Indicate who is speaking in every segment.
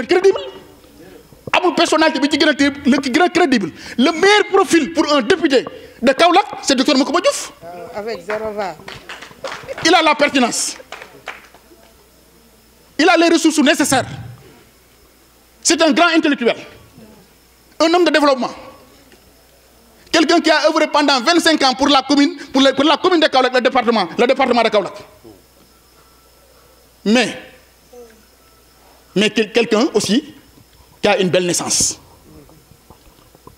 Speaker 1: mais crédible amul bi ci gën a té le le meilleur profil pour un député de Kaolack c'est docteur Macoumba euh, la pertinence les ressources nécessaires c'est un grand intellectuel un homme de développement a œuvré vingt cinq pour la commune pour la, pour la commune de Kaolack mais quelqu'un aussi qui a une belle naissance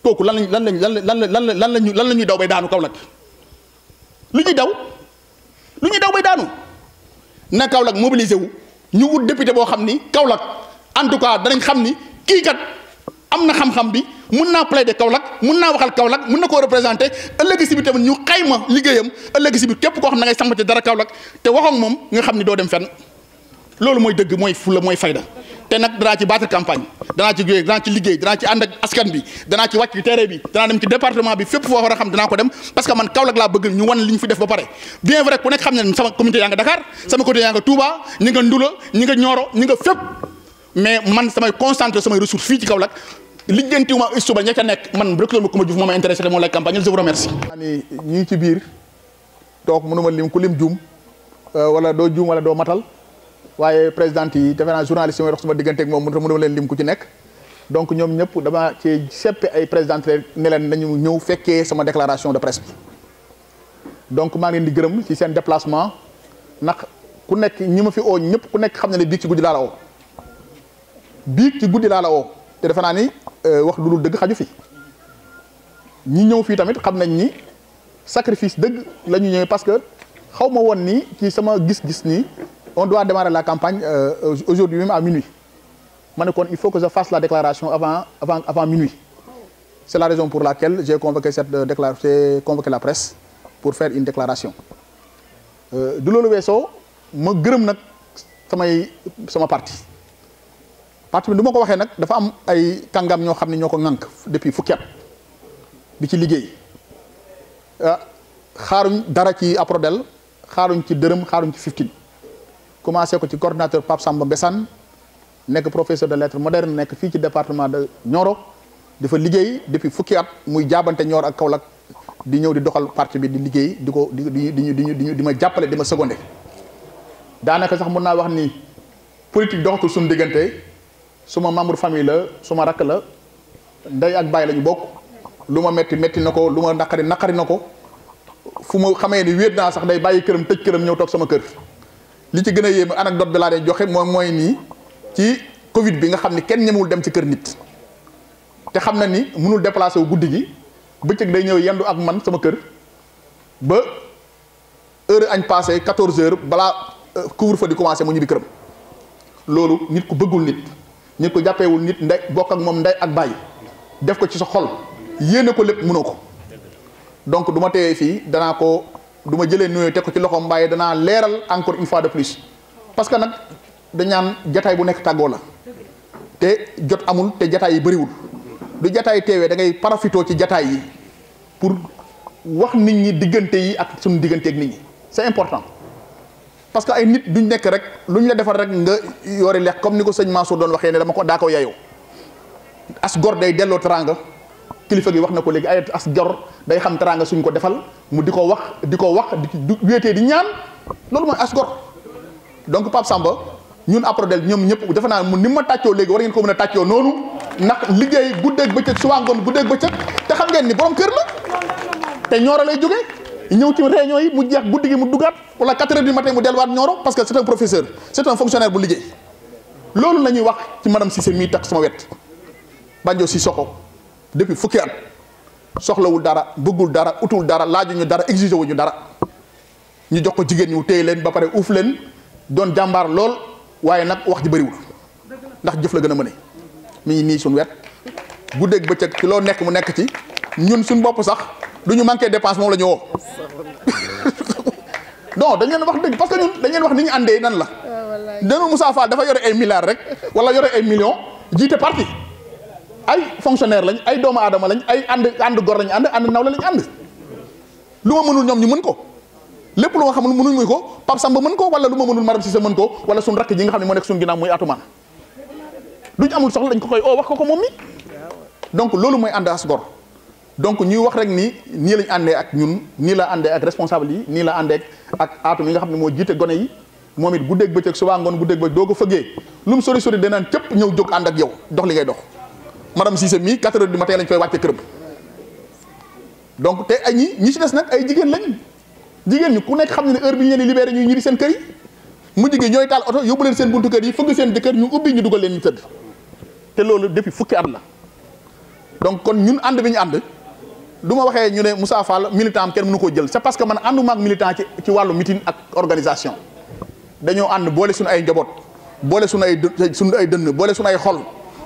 Speaker 1: kooku lan lañ lan lañ lan lan lan lan lan lan la ñuy daw bay daanu Kaolack lu ñuy daw lu ñuy daw bay daanu na Kaolack mobilisé wu ñu wut député boo xam ni Kaolack en tout cas danañ xam ni kii kat am na xam-xam bi mun naa plaider Kaolack mun naa waxal Kaolack mun na koo représenter ëllëg si bi tamit ñu xayma liggéeyam ëllëg si bi képp koo xam na ngay sàmm dara Kaolack te waxoon moom nga xam ni doo dem fenn loolu mooy dëgg mooy fulla mooy fayda. te nag danaa ci battre campagne danaa ci jógee danaa ci liggéey danaa ci ànd ak askan bi danaa ci wàcc terrain bi danaa dem ci département bi fépp foo war a xam danaa ko dem parce que man Kaolack laa bëgg ñu wan li fi def ba pare bien vrai ku nekk xam ne sama communauté yaa nga Dakar sama communauté yaa nga Touba ñi nga Ndula ñi nga Nioro ñi nga fépp mais man samay concentré samay ressources fii ci Kaolack lijjantiwuma suba ña ca nekk man rek loolu ko ma juf moo ma intéressé moo lay campagne je vous remercie. ni ñi ngi euh, wala doo juum wala doo matal waaye présidente yi defe naa journaliste yi may wax suma digganteeg moom mënu ma leen lim ku ci nekk donc ñoom ñëpp damaa ci seppi ay présidente ne leen nañu ñëw fekkee sama déclaration de presse donc maa ngi di gërëm ci seen déplacement ndax ku nekk ñi ma fi oo ñëpp ku nekk xam na ne biig ci guddi laa la oo biig ci guddi laa la oo te defe naa ni euh, wax lu dul dëgg xaju fi ñi ñëw fii tamit xam nañ ni sacrifice dëgg la ñëwee parce que xaw ma woon nii ci sama gis-gis nii on doit démarrer la campagne euh, aujourd'hui même à minuit ma ne il faut que je fasse la déclaration avant avant avant minuit c'est la raison pour laquelle j'ai convoqué cette euh, déclaration j'ai convoqué la presse pour faire une déclaration euh, du loolu weesoo ma gërëm nag samay sama parti parti bi du ma ko waxee nag dafa am ay kàngam ñoo xam ne ñoo ko ŋànk depuis fukki bi ci liggéey euh, xaaruñ dara ci Aprodel xaaruñ ci dërëm xaaruñ ci fifteen commencé ko ci coordinateur Pape Samba Mbessane nekk professeur de lettres modernes nekk fii ci département de Nioro dafa liggéey depuis fukki at muy jaabante Nioro ak Kaolack di ñëw di doxal parti bi di liggéey di ko di di di di di ma jàppale di ma secondé daanaka sax mën naa wax nii politique doxatul suñu diggante suma membre famille la ma rakk la ndey ak baay lañu bokk lu ma metti metti na ko lu ma naqari naqari na ko fu ma xamee ni wéet naa sax day bàyyi këram tëj këram ñëw toog sama kër. li ci gën a yéeme anecdote bi laa dee joxe moom mooy nii ci Covid bi nga xam ni kenn ñemewul dem ci kër nit te xam na ni mënul déplacé wu guddi gi bëccëg day ñëw yendu ak man sama kër ba heure añ passé quatorze heures balaa euh, couvre-feu di commencé mu ñibbi këram loolu nit ku bëggul nit nit ko jàppeewul nit ndey bokk ak moom ndey ak bàyyi def ko ci sa xol yéene ko lépp mënoo ko donc du ma fii danaa ko du ma jëlee nuyoo teg ko ci loxoom mbaaye danaa leeral encore une fois de plus parce que nag dañaan jataay bu nekk tàggoo la te jot amul te jataay yi bëriwul du jataay teewee dangay ngay parafitoo ci jataay yi pour wax nit ñi diggante yi ak suñu diggante ak nit ñi c'est important parce que ay nit duñ nekk rek lu ñu la defar rek nga yori lekk comme ni ko sëñ Mansour doon waxee ne dama ko daa ko yayoo as day delloo teranga kilifa gi wax na ko léegi ay as jor day xam teraanga suñ ko defal mu di ko wax di ko wax di wéetee di ñaan loolu mooy as gor donc Pape Samba ñun Aprodel ñoom ñëpp defe naa mu ni ma tàccoo léegi war ngeen ko mën a tàccoo noonu ndax liggéey guddeeg bëccëg suba ngoon guddeeg bëccëg te xam ngeen ni borom kër la te ñooro lay jógee ñëw ci réunion yi mu jeex guddi gi mu dugaat wala 4 heures du matin mu delluwaat ñooro parce que c'est un professeur c'est loolu la ñuy wax ci madame Cissé mii tax sama wet Banjo Cissokho depuis fukki at soxlawul dara bëggul dara utul dara laajuñu dara exigé wuñu dara ñu jox ko jigéen ñi wu téye leen ba pare uuf leen doon jàmbaar lool waaye nag wax ji bëriwul ndax jëf la gën a mëne mu ngi nii suñu wet guddeeg bëccëg ci loo nekk mu nekk ci ñun suñu bopp sax du ñu manqué dépense moom la ñu woo non dañ leen wax dëgg parce que ñun dañ leen wax ni ñu àndee nan la. waaw ah, wallaay Moussa Fall dafa yore ay milliards rek wala yore ay million jiite parti. ay fonctionnaire lañ ay doomu aadama lañ ay ànd ànd gor lañ ànd ànd nawle lañ ànd lu ma mënul ñoom ñu mën ko lépp lu xam xamul mënuñ muy ko Pape Samba mën ko wala lu ma mënul Maram Cissé mën ko wala suñ rakk ji nga xam ne moo nekk suñ ginnaaw muy atumaan amul soxla dañ ko koy oo ko ko moom loolu mooy ànd as gor donc ñuy wax rek ni nii lañ àndee ak ñun nii la àndee ak responsable yi la àndee ak aatu mi nga xam ne moo jiite gone yi moom it guddeeg bëccëg subaa ngoon guddeeg bëccëg doo ko fëggee lu mu sori sori danaan cëpp ñëw jóg ànd ak yow dox li ngay dox madame Cissé mii 4 heures du matin lañ koy wàcce këram donc te ay ñi ñi ci des nag ay jigéen lañ jigéen ñi ku nekk xam ne heure bi ñu leen di libéré ñuy ñibbi seen kër yi mu jigéen ñooy taal oto yóbbu leen seen buntu kër yi fëgg seen jëkkër ñu ubbi ñu dugal leen ñu te loolu depuis fukki at la donc kon ñun ànd bi ñu ànd du ma waxee ñu ne Moussa Fall militant am kenn mënu koo jël c'est parce que man ànduma ak militant ci wàllu meeting ak organisation dañoo ànd boole suñu ay njaboot boole suñu ay suñu ay dënn boole suñu ay xol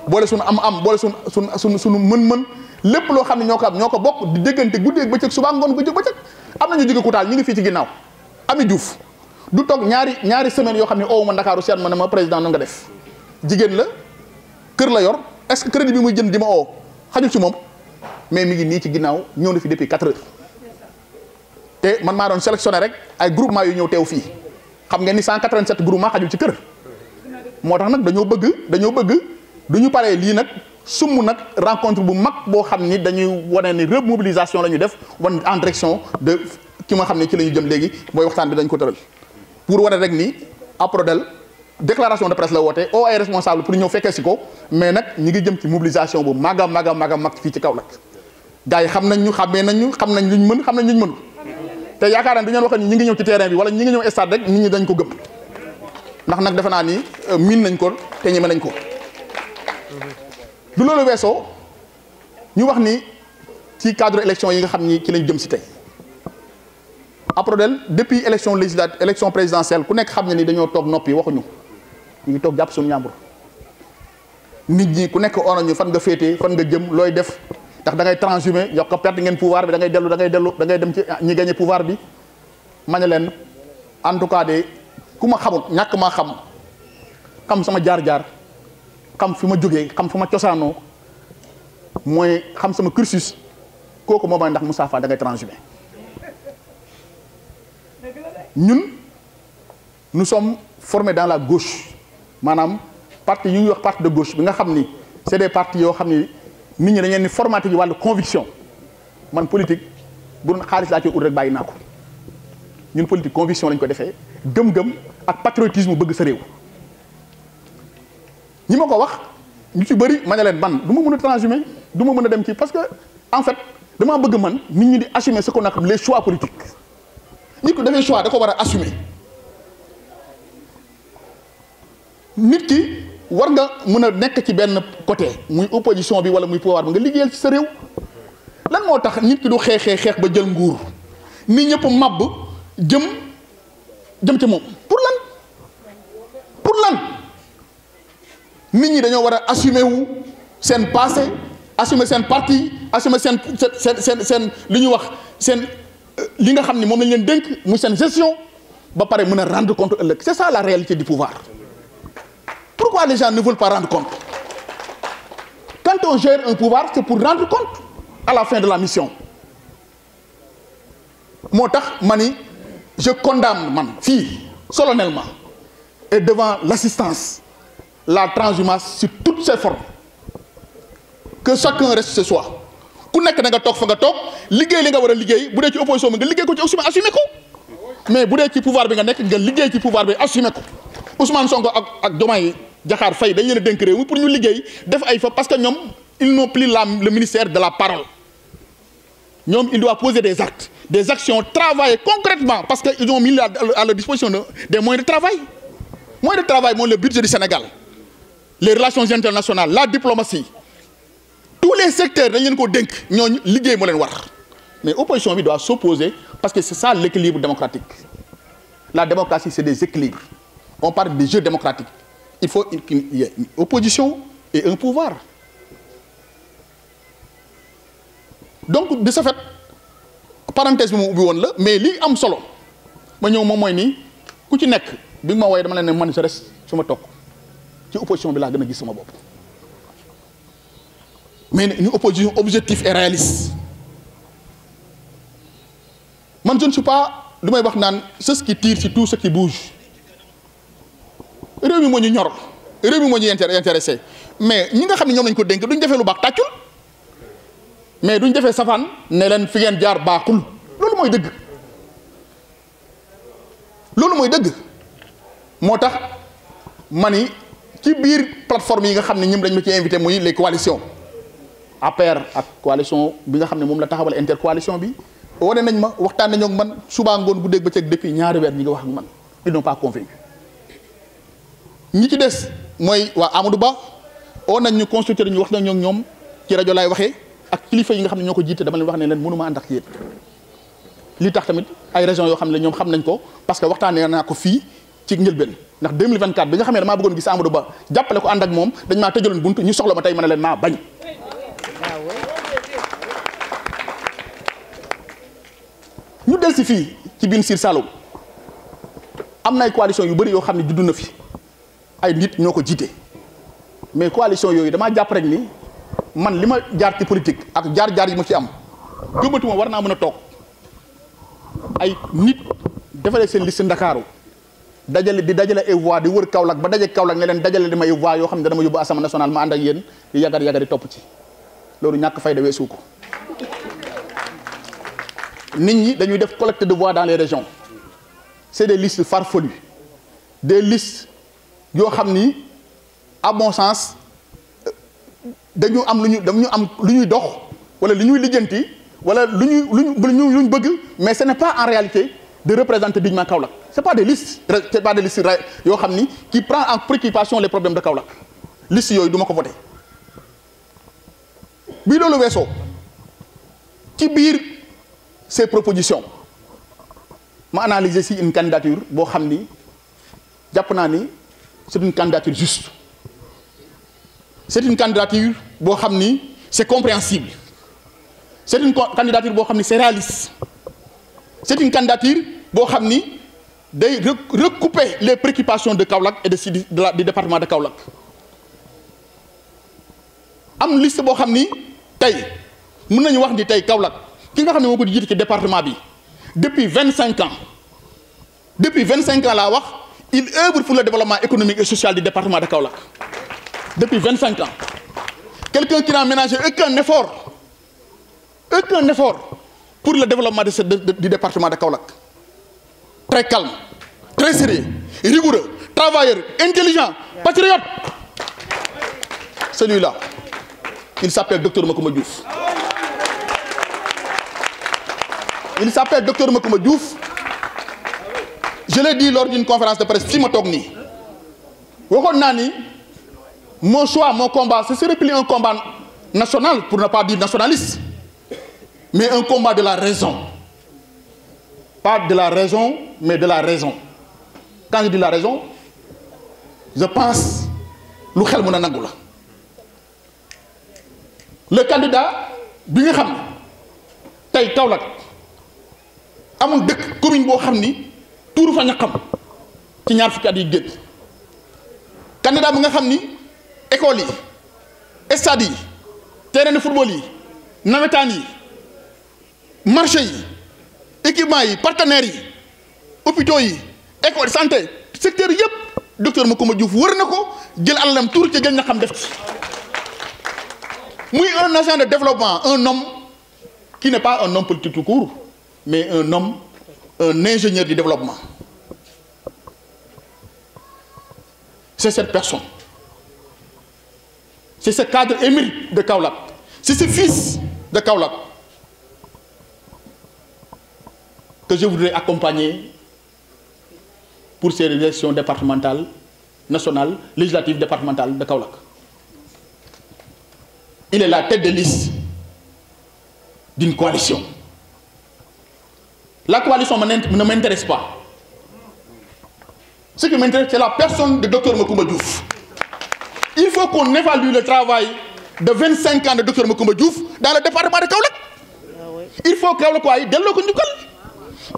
Speaker 1: boole suñu am am boole suñu suñu suñu suñu mën-mën lépp loo xam ne ñoo ko am ñoo ko bokk di déggante guddeeg bëccëg subaa ngoon guddeeg bëccëg am nañu jóge Koutal ñu ngi fii ci ginnaaw Ami Diouf du toog ñaari ñaari semaines yoo xam ne owu ma Ndakaaru seet ma ne ma président nan nga def jigéen la kër la yor est-ce que crédit bi muy jën di ma oo xajul ci moom mais mi ngi nii ci ginnaaw ñoo na fi depuis 4 heures te man maa doon sélectionné rek ay groupement yu ñëw teew fii xam ngeen ni 187 groupement xajul ci kër moo tax nag dañoo bëgg dañoo bëgg du ñu paree lii nag sumb nag rencontre bu mag boo xam ni dañuy wane ni remobilisation la ñu def wan en direction de ki nga xam ne ci lañu jëm léegi mooy waxtaan bi dañ ko tëral pour wane rek ni Aprodel déclaration de presse la woote oo ay responsable pour ñëw fekkee si ko mais nag ñi ngi jëm ci mobilisation bu mag a mag a mag a mag fii ci Kaolack gars yi xam nañ ñu xàmmee nañ ñu xam nañ luñ mën xam nañ luñ mënul te yaakaar naa du ngeen waxee ni ñi ngi ñëw ci terrain bi wala ngi ñëw stade rek ñi dañ ko gëm ndax nag defe naa ni euh, miin nañ ko te ñeme nañ ko du loolu weesoo ñu wax ni ci cadre élection yi nga xam ni ci lañ jëm si tey Aprodel depuis élection législative élection présidentielle ku nekk xam ne ni dañoo toog noppi waxuñu ñu ngi toog jàpp suñu ñàmbur nit ñi ku nekk onoñu fan nga féete fan nga jëm looy def ndax dangay ngay yokk yox ko perte ngeen pouvoir bi da ngay dellu dangay ngay dellu dem ci ñi gagné pouvoir bi ma ne leen en tout cas de ku ma xamul ñàkk maa xam xam sama jaar-jaar xam fi ma jógee xam fi ma cosaanoo mooy xam sama cursus kooku moom may ndax Moussa Fall da ñun nu sommes formés dans la gauche maanaam parti yu ñuy wax parti de gauche bi nga xam ni c'est des partis yoo xam ni nit ñi dañ leen di formaté ci wàllu conviction man politique bu doon xaalis laa ci ut rek bàyyi naa ko ñun politique conviction lañ ko defee gëm-gëm ak patriotisme bëgg sa réew. ñi ma ko wax ñu ci bëri ma ne leen man du ma mën a transhumer du ma mën a dem ci parce que en fait damaa bëgg man nit ñi di assumer ce qu'on appelle les choix politiques nit ko defee choix da ko war a assumer nit ki war nga mën a nekk ci benn côté muy opposition bi wala muy pouvoir bi nga liggéeyal ci sa réew lan moo tax nit ki du xeexee xeex ba jël nguur mi ñëpp màbb jëm jëm ca moom nit ñi dañoo war a assumer wu seen passé assumer seen parti assumer seen seen seen seen li ñuy wax seen euh, li nga xam ni moom lañ leen dénk muy seen gestion ba pare mën a rendre compte ëllëg c'est ça la réalité du pouvoir pourquoi les gens ne veulent pas rendre compte quand on gère un pouvoir c'est pour rendre compte à la fin de la mission moo tax ma ni je condamne man fii solennellement et devant l'assistance la transhumance sur toutes ses formes que chacun reste chez soi ku nekk na nga toog fa nga toog liggéey li nga war a liggéey bu dee ci opposition bi nga liggéey ko ci assumé assumé ko mais bu dee ci pouvoir bi nga nekk nga liggéey ci pouvoir bi assumé ko Ousmane Sonko ak ak Diomaye Diakhar Faye dañ leen dénk réew pour ñu liggéey def ay fa parce que ñoom ils n'ont plus la le ministère de la parole ñoom il doit poser des actes des actions travailler concrètement parce que ils ont mis à leur disposition des moyens de travail moyens les relations internationales la diplomatie tous les secteurs dañ leen koo dénk ñooñu liggéey moo leen war mais opposition bi doit s'opposer parce que c'est ça l'équilibre démocratique la démocratie c'est des équilibres on parle des jeux démocratiques il faut qu'il y ait une opposition et un pouvoir donc de ce fait parenthèse bi mu ubbi woon la mais li am solo ma ñëw moom mooy nii ku ci nekk bi ma wooye dama leen ne man je reste su ma toog ci opposition bi laa gën a gis sama bopp mais une opposition objective et réaliste man je ne suis may wax naan c'est ce qui tire tout ce qui bouge réew mi moo ñu ñor réew mi moo ñu intéressé mais ñi nga xam ne ñoom lañ ko dénk duñ defee lu baax tàccul mais duñ defee safaan ne leen fi ngeen jaar baaxul loolu mooy dëgg loolu mooy dëgg moo tax man ni ci biir plateforme yi nga xam ne ñoom dañ ma ci invité muy les coalitions ak coalition bi nga xam ne moom la taxawal intercoalition bi wane nañ ma waxtaan nañoo ak man suba ngoon guddeeg bëccëg depuis ñaari weer ñi nga wax ak man ils n'ont pas ñi ci des mooy waa amadu Ba oo nañ ñu consulté ñu wax na ñoo ñoom ci rajo laay waxee ak kilifa yi nga xam ne ñoo ko jiite dama leen wax ne leen mënuma ànd ak yéen li tax tamit ay raisons yoo xam ne ñoom xam nañ ko parce que waxtaanee naa ko fii ci njëlbeen ndax 2024 bi nga xamee damaa bëggoon gis Amadou Ba jàppale ko ànd ak moom dañ maa tëjaloon buntu ñu soxla ma tey ma ne leen maa bañ ñu del si fii ci biir Sine Saloum am na ay coalition yu bari yoo xam ne juddu na fi ay nit ñoo ko jiite mais coalition yooyu damaa jàpp rek ni man li ma jaar ci politique ak jaar-jaar yi ma ci am gëmatuma war naa mën a toog ay nit defalee seen liste Ndakaaru dajale di dajale ay voix di wër Kaolack ba daje Kaolack ne leen dajale ma damay voix yoo xam ne dama yóbbu assemblée nationale ma ànd ak yéen di yagar yagar di topp ci loolu ñàkk fayda weesu ko nit ñi dañuy def collecte de voix dans les régions c'est des listes farfelues des listes yoo xam ni à bon sens euh, dañu am lu ñu dañu am lu ñuy dox wala lu ñuy lijjanti wala lu ñuy lu ñu lu ñu bëgg mais ce n'est pas en réalité. de représenter dignement Kaolack c'est pas des listes c'est pas des listes yoo xam ni qui prend en préoccupation les problèmes de Kaolack liste yooyu du ma ko voté bii loolu weesoo ci biir ces propositions ma analyser si une candidature boo xam ni jàpp naa ni c'est une candidature juste c'est une candidature boo xam ni c'est compréhensible c'est une candidature boo xam ni c'est réaliste c'est une candidature boo xam ni day recouper les préoccupations de Kaolack et de Sidi de la du département de Kaolack am liste boo xam ni tey mun nañu wax ni tey Kaolack ki nga xam ne moo ko jiite ci département bi depuis vingt cinq ans depuis vingt cinq ans laa wax il œuvre pour le développement économique et social du département de Kaolack depuis vingt cinq ans quelqu'un qui n'a ménagé aucun effort aucun effort pour le développement de ce, de, de, du département de Kaolack très calme très sérieux rigoureux travailleur intelligent patriote celui-là il s'appelle docteur Macoumba Diouf il s'appelle docteur Macoumba Diouf je l'ai dit lors conférence de presse fii ma toog nii waxoon naa ni mon choix mon combat ce serait plus un combat national pour ne pas dire nationaliste mais un combat de la raison pas de la raison mais de la raison quand je dis la raison je pense lu xel mun a nangu la le candidat bi nga xam tey Kaolack amul dëkk commune boo xam ni tuuru fa ñaqam ci ñaar fukki at yi génn candidat bi nga xam ni école yi stade yi terrain de football yi nawetaan yi marché yi équipement yi partenaires yi hôpitaux yi école santé secteur yëpp docteur Macoumba Diouf wër na ko jël alalam tuur ca jël na xam def muy un agent de développement un nom qui n'est pas un homme politique tout court mais un homme un ingénieur du développement c'est cette personne c'est ce cadre émérite de Kaolack c'est ce fils de Kaolack que je voudrais accompagner pour ces élections départementales nationales législatives départementales de Kaolack il est la tête de liste d'une coalition la coalition ne m'intéresse pas ce qui m'intéresse c'est la personne de docteur Macoumba Diouf il faut qu'on évalue le travail de 25 ans de docteur Macoumba Diouf dans le département de Kaolack il faut Kaolack waay delloo ko njukkal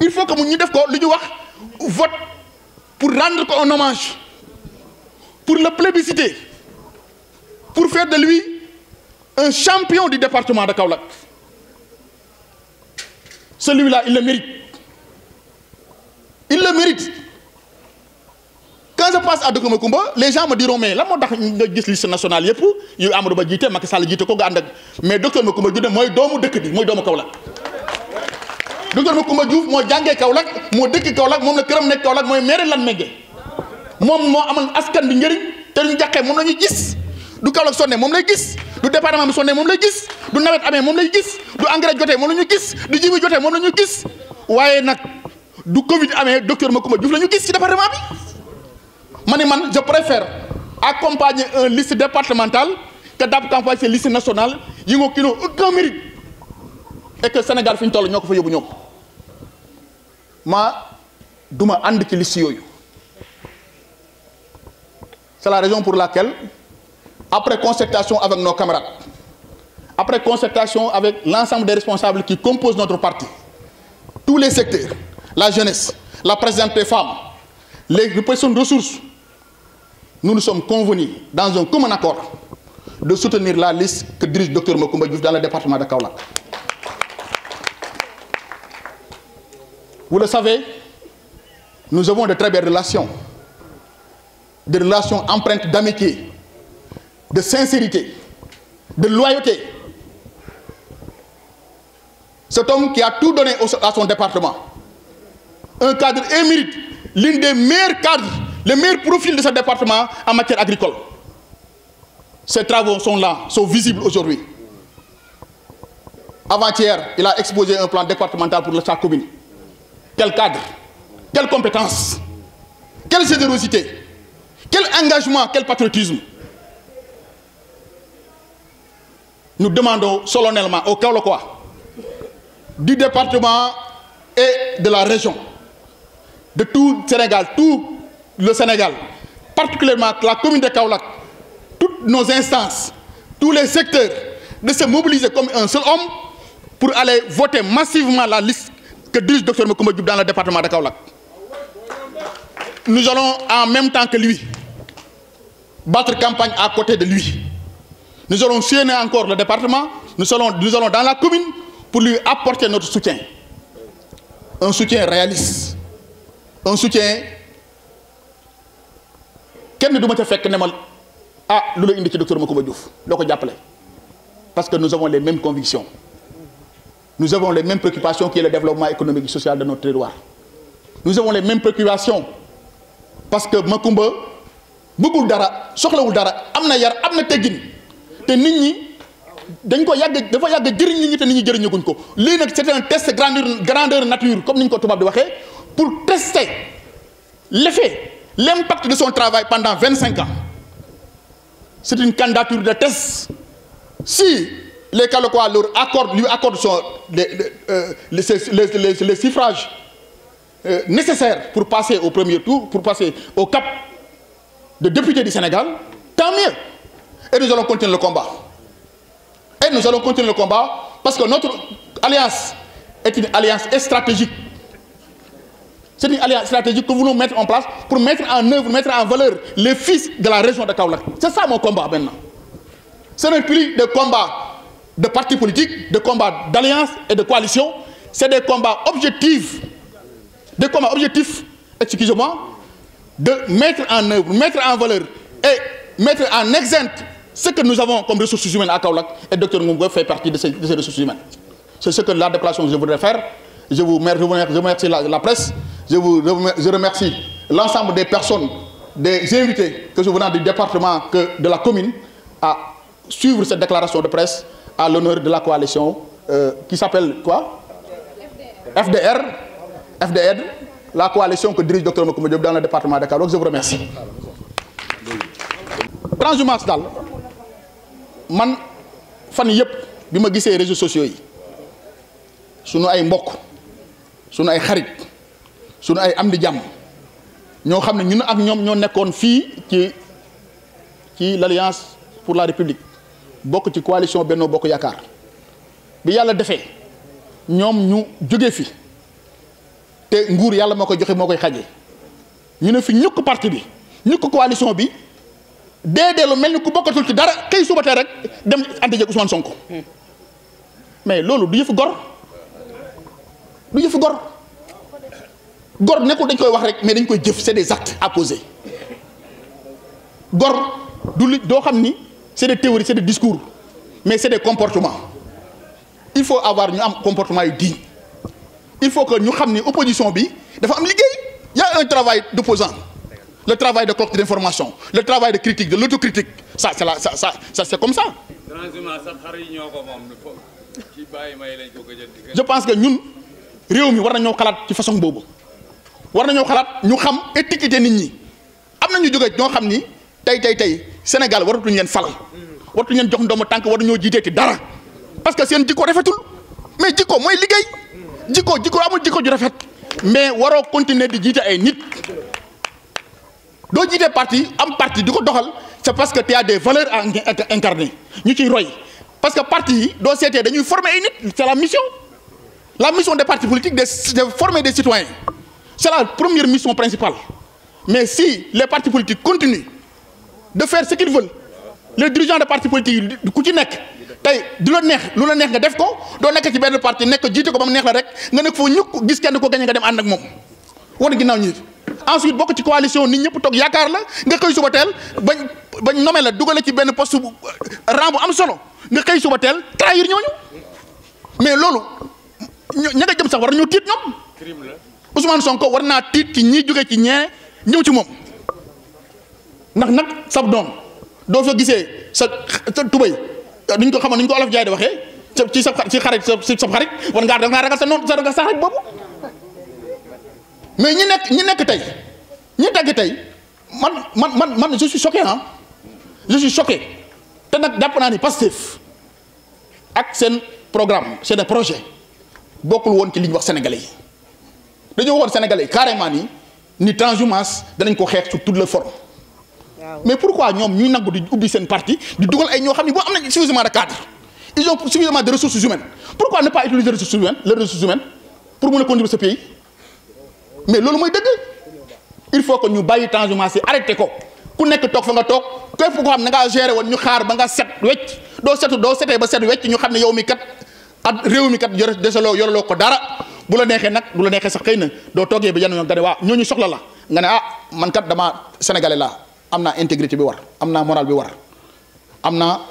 Speaker 1: il faut que mu ñu def ko lu ñu wax pour rendre ko un hommage pour le plébisciter pour faire de lui un champion du département de Kaolack celui-là il le mérite il le mérite quand je passe à Dëkk Macoumba les gens me diront mais lan moo tax nga gis liste nationale yëpp yu Amadou Ba jiite Macky Sall jiite ko nga ànd ak mais Dëkk Macoumba ju ne mooy doomu dëkk bi mooy doomu Kaolack docteur Macoumba Diouf moo jàngee Kaolack moo dëkk Kaolack moom la këram nekk Kaolack mooy maire Latmingué moom moo amal askan bi njëriñ te ñu moom la ñuy gis du Kaolack sonne moom lay gis du département bi sonne moom lay gis du nawet amee moom lay gis du engrais jotee moom la ñu gis du jibi jotee moom la gis waaye nag du Covid amee docteur Macoumba Diouf la ñu gis ci département bi ma ne man je préfère accompagner un liste départementale que d'accompagner ces listes nationales yi nga kii n'ont aucun et que Sénégal fi ñu toll ñoo ko fa yóbbu ñoom ma duma ànd ci liste yooyu c'est la raison pour laquelle après concertation avec nos camarades après concertation avec l'ensemble des responsables qui composent notre parti tous les secteurs la jeunesse la présence des femmes les personnes ressources nous nous sommes convenus dans un commun accord de soutenir la liste que dirige docteur Macoumba Diouf dans le département de Kaolack Vous le savez, nous avons de très belles relations, des relations empreintes d'amitié, de sincérité, de loyauté. Cet homme qui a tout donné à son département, un cadre émérite, l'un des meilleurs cadres, le meilleur profil de ce département en matière agricole. Ces travaux sont là, sont visibles aujourd'hui. Avant-hier, il a exposé un plan départemental pour le commune. quel cadre quelle compétence quelle générosité quel engagement quel patriotisme nous demandons solennellement aux Kaolackois du département et de la région de tout Sénégal tout le Sénégal particulièrement la commune de Kaolack toutes nos instances tous les secteurs de se mobiliser comme un seul homme pour aller voter massivement la liste que dirige docteur Macoumba Diop dans le département de Kaolack nous allons en même temps que lui battre campagne à côté de lui nous allons sillonner encore le département nous allons nous dans la commune pour lui apporter notre soutien un soutien réaliste un soutien kenn du ma ca fekk ne ma a ah, lu la indi ci docteur Macoumba Diouf loo ko jàppale parce que nous avons les mêmes convictions Nous avons les mêmes préoccupations qui est le développement économique et social de notre territoire. Nous avons les mêmes préoccupations parce que Makumba bëggul dara soxlawul dara am na yar am na teggin te nit ñi dañ ko yàgg dafa yàgg jëriñ nit ñi te nit ñi jëriñaguñ ko lii nag c'est un test grandeur grandeur nature comme ni ñu ko tubaab di waxee pour tester l'effet l'impact de son travail pendant vingt cinq ans c'est une candidature de test si les Calocois leur accordent, lui accordent son, les, euh, les, les, les suffrages euh, nécessaires pour passer au premier tour, pour passer au cap de député du Sénégal, tant mieux. Et nous allons continuer le combat. Et nous allons continuer le combat parce que notre alliance est une alliance stratégique. C'est une alliance stratégique que nous voulons mettre en place pour mettre en œuvre, mettre en valeur les fils de la région de Kaolack. C'est ça mon combat maintenant. Ce n'est plus de partis politiques, de combats d'alliances et de coalitions. C'est des combats objectifs, de combats objectif excusez-moi, de mettre en œuvre, mettre en valeur et mettre en exempt ce que nous avons comme ressources humaines à Kaolack et Dr Ngounga fait partie de ces, ressources humaines. C'est ce que la déclaration que je voudrais faire. Je vous remercie la, presse, je remercie l'ensemble des personnes, des invités que je venant du département que la commune à suivre cette déclaration de presse. à l'honneur de la coalition euh, qui s'appelle Dr Macoumba Diop dans le département de Kaolack je vous remercie. transhumance daal man fan yëpp bi ma gisee réseaux sociaux yi sunu ay mbokk sunu ay xarit sunu ay am di jàmm ñoo xam ne ñun ak ñoom ñoo nekkoon fii ci ci l'alliance pour la république. bokk ci coalition Benno Bokk Yaakaar bi yàlla defee ñoom ñu jóge fi te nguur yàlla moo koy joxe moo koy xaje ñu ne fi ñukk parti bi ñukk coalition bi déedeelu mel ni ku bokkatul ci dara xëy suba rek dem ànd ak Ousmane Sonko mais loolu du yëfu gor du yëfu gor gor nekkul dañ koy wax rek mais dañ koy jëf c'est des actes à poser gor du li doo xam ni c'est des théories c'est des discours mais c'est des comportements il faut avoir ñu am comportement yu digne il faut que ñu xam ni opposition bi dafa am liggéey y a un travail d'opposant le travail de collecte d'information le travail de critique de l'autocritique ça c'est la ça ça ça c'est comme ça. je pense que ñun réew mi war nañoo xalaat ci façon boobu war nañoo xalaat ñu xam étiqueté nit ñi am na ñu jóge ñoo xam ni. tey tey tey Sénégal waratuñ leen fal waratuñ leen jox ndoom tànk waruñoo jiiteeti dara parce que seen jikko rafetul mais jikko mooy liggéey jikko jikko amul jikko ju rafet mais waroo continuer di jiite ay nit doo jiite parti am parti di ko doxal c'est parce que tu as des valeurs à incarner ñu ciy roy parce que parti yi doo seetee dañuy forme ay nit c'est la mission la mission des partis politiques de de former des citoyens c'est la première mission principale mais si les partis politiques continuent de faire ce qu'ils veulent les dirigeants de parti politique yi ku ci nekk tey du la neex lu la neex nga def ko doo nekk ci benn parti nekk jiite ko ba mu neex la rek nga nekk foo ñukk gis kenn ko gañe nga dem ànd ak moom war ginnaaw ñi ensuite bokk ci coalition nit ñëpp toog yaakaar la nga xëy suba teel bañ bañ nomé la dugale ci benn poste bu euh, rang bu am solo nga xëy suba teel trahir ñooñu mais loolu ña nga jëm sax war nañoo tiit ñoom Ousmane Sonko war naa tiit ci ñi jóge ci ñee ñëw ci moom ndax nag sab doom doo fa gisee sa sa tubay duñ ko xamoon ni ñu ko olof jaay di waxee ci sa ci sa sa xarit war ngaa def ngaa ragal sa noon sa ragal sa xarit boobu mais ñi nekk ñi nekk tey ñi nekk tey man man man man je suis choqué ah je suis choqué te nag dàpp naa ni Pastef ak seen programme seen projet bokkul woon ci li wax sénégalais yi dañoo waxoon sénégalais yi carrément ni ni transhumance danañ ko xeex sous toutes les formes. mais pourquoi ñoom ñuy nangu di ubbi seen parti di dugal ay ñoo xam ne boo am nañ suffisamment de cadre ils ont suffisamment de ressources humaines pourquoi ne pas utiliser ressources humaines pour mën a conduire ce pays mais loolu mooy dëgg il faut que ñu bàyyi transhumance yi arrêté ko ku nekk toog fa nga toog képp ko xam ne nga géré woon ñu xaar ba nga set wecc doo setu doo setee ba set wecc ñu xam ne yow mi kat ak réew mi kat yore desaloo yoreloo ko dara bu la neexee nag bu la neexee sax xëy na doo toogee ba yenn ñoo nga ne waa ñooñu soxla la nga ne ah man laa am naa intégrité bi war am naa moral bi war am na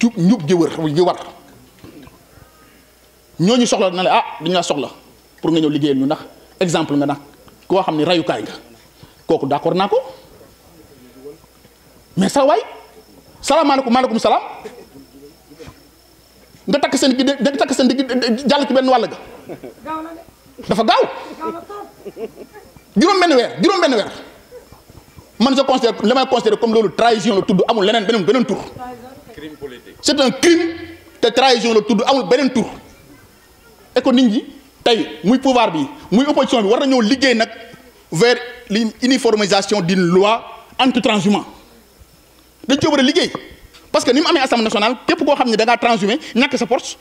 Speaker 1: jub njub gi wër gi war ñooñu soxla na la ah dañu laa soxla pour nga ñëw liggéeyal ñu ndax exemple nga nag koo xam ne rayukaay nga kooku d'accord naa ko mais sa waay salaamaaleykum salaam nga takk seen digg nga takk seen digg jàll ci benn wàll ga dafa gaaw juróom benn weer juróom benn weer man je considère li may considéré comme loolu trahison la tudd amul leneen beneen beneen tur. crime crime te trahison la tudd amul beneen tur. et que nit tey muy pouvoir bi muy opposition bi war na ñëw liggéey nag vers l'uniformisation d'une loi anti-transhumant dañ cee war a liggéey parce que ni mu képp koo xam ne da ngaa transhumé ñàkk sa force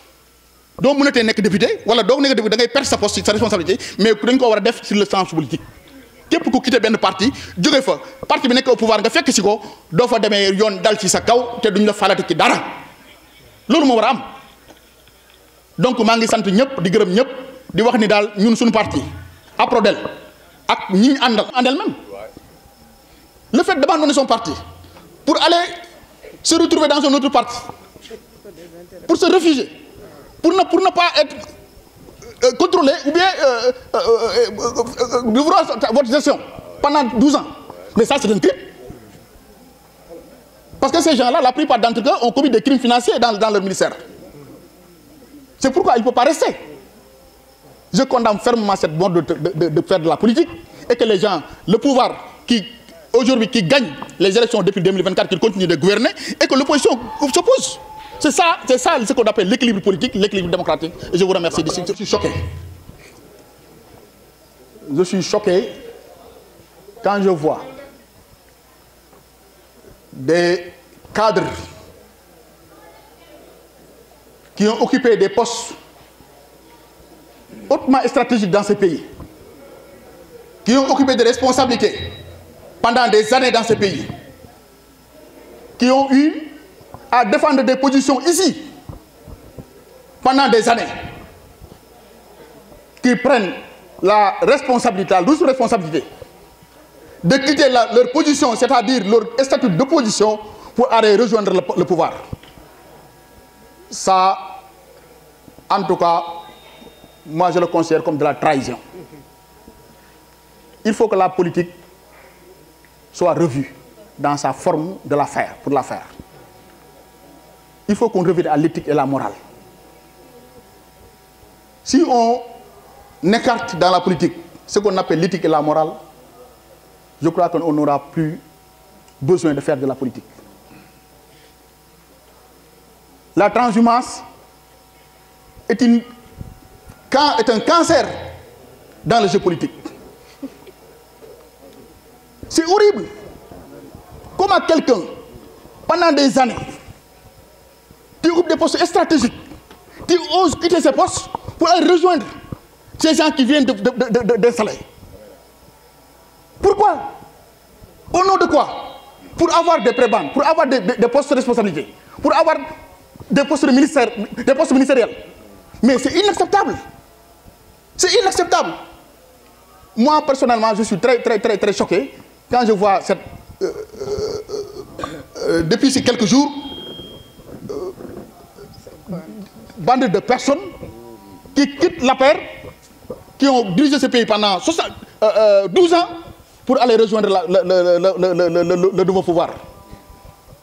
Speaker 1: doo mënatee nekk député wala doo nekk député da ngay sa poste sa responsabilité mais dañ ko war a def sur le sens politique. képp ku quitté benn parti jóge fa parti bi nekk au pouvoir nga fekk si ko doo fa demee yoon dal ci sa kaw te du ñu la falati ci dara loolu moo war a am donc maa ngi sant ñëpp di gërëm ñëpp di wax ni daal ñun suñu parti Aprodel ak ñi ñu àndal àndal même le fait d'abandonner son parti pour aller se retrouver dans un autre parti pour se réfugier pour ne pour ne pas Euh, contrôler ou bien bi euh, euh, votre gestion pendant 12 ans mais ça c'est un crime parce que ces gens-là la plupart d'entre eux ont commis des crimes financiers dans dans leur ministère c'est pourquoi la politique et que les gens le pouvoir qui aujourd'hui qui de gouverner et que l'opposition s'oppose C'est ça, c'est ça ce qu'on appelle l'équilibre politique, l'équilibre démocratique. Et je vous remercie. Je suis choqué. Je suis choqué quand je vois des cadres qui ont occupé des postes hautement stratégiques dans ces pays, qui ont occupé des responsabilités pendant des années dans ces pays, qui ont eu à défendre des positions ici pendant des années qui prennent la responsabilité, la douce responsabilité de quitter la, leur position, c'est-à-dire leur statut d'opposition pour aller rejoindre le, le pouvoir. Ça, en tout cas, moi je le considère comme de la trahison. Il faut que la politique soit revue dans sa forme de la faire, pour la faire. il faut qu'on revienne à l'éthique et à la morale. Si on écarte dans la politique ce qu'on appelle l'éthique et la morale, je crois qu'on n'aura plus besoin de faire de la politique. La transhumance est, une, est cancer dans le jeu politique. C'est horrible. Comment quelqu'un, pendant des années, tu occupes des postes stratégiques, tu oses quitter ces postes pour aller rejoindre ces gens qui viennent d'installer. Pourquoi Au nom de quoi Pour avoir des prébandes, pour avoir des, des, des, postes de responsabilité, pour avoir des postes, de ministère, des postes ministériels. Mais c'est inacceptable. C'est inacceptable. Moi, personnellement, je suis très, très, très, très choqué quand je vois cette... Euh, euh, euh, depuis ces quelques jours, bande de personnes qui quittent l'APR, qui ont dirigé ce pays pendant 60, euh, euh, ans pour aller rejoindre la, le, nouveau pouvoir.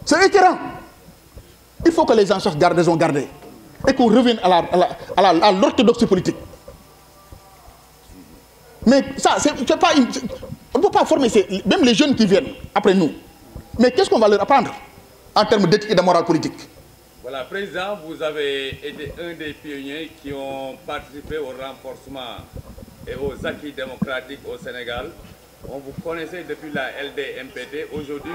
Speaker 1: C'est écœurant. Il faut que les gens soient gardés, ont gardé. Et qu'on revienne à l'orthodoxie politique. Mais ça, c'est pas on ne peut pas former même les jeunes qui viennent après nous. Mais qu'est-ce qu'on va leur apprendre en termes d'éthique de morale politique Voilà, Président, vous avez été un des pionniers qui ont participé au renforcement et aux acquis démocratiques au Sénégal. On vous connaissait depuis la LDMPT. Aujourd'hui,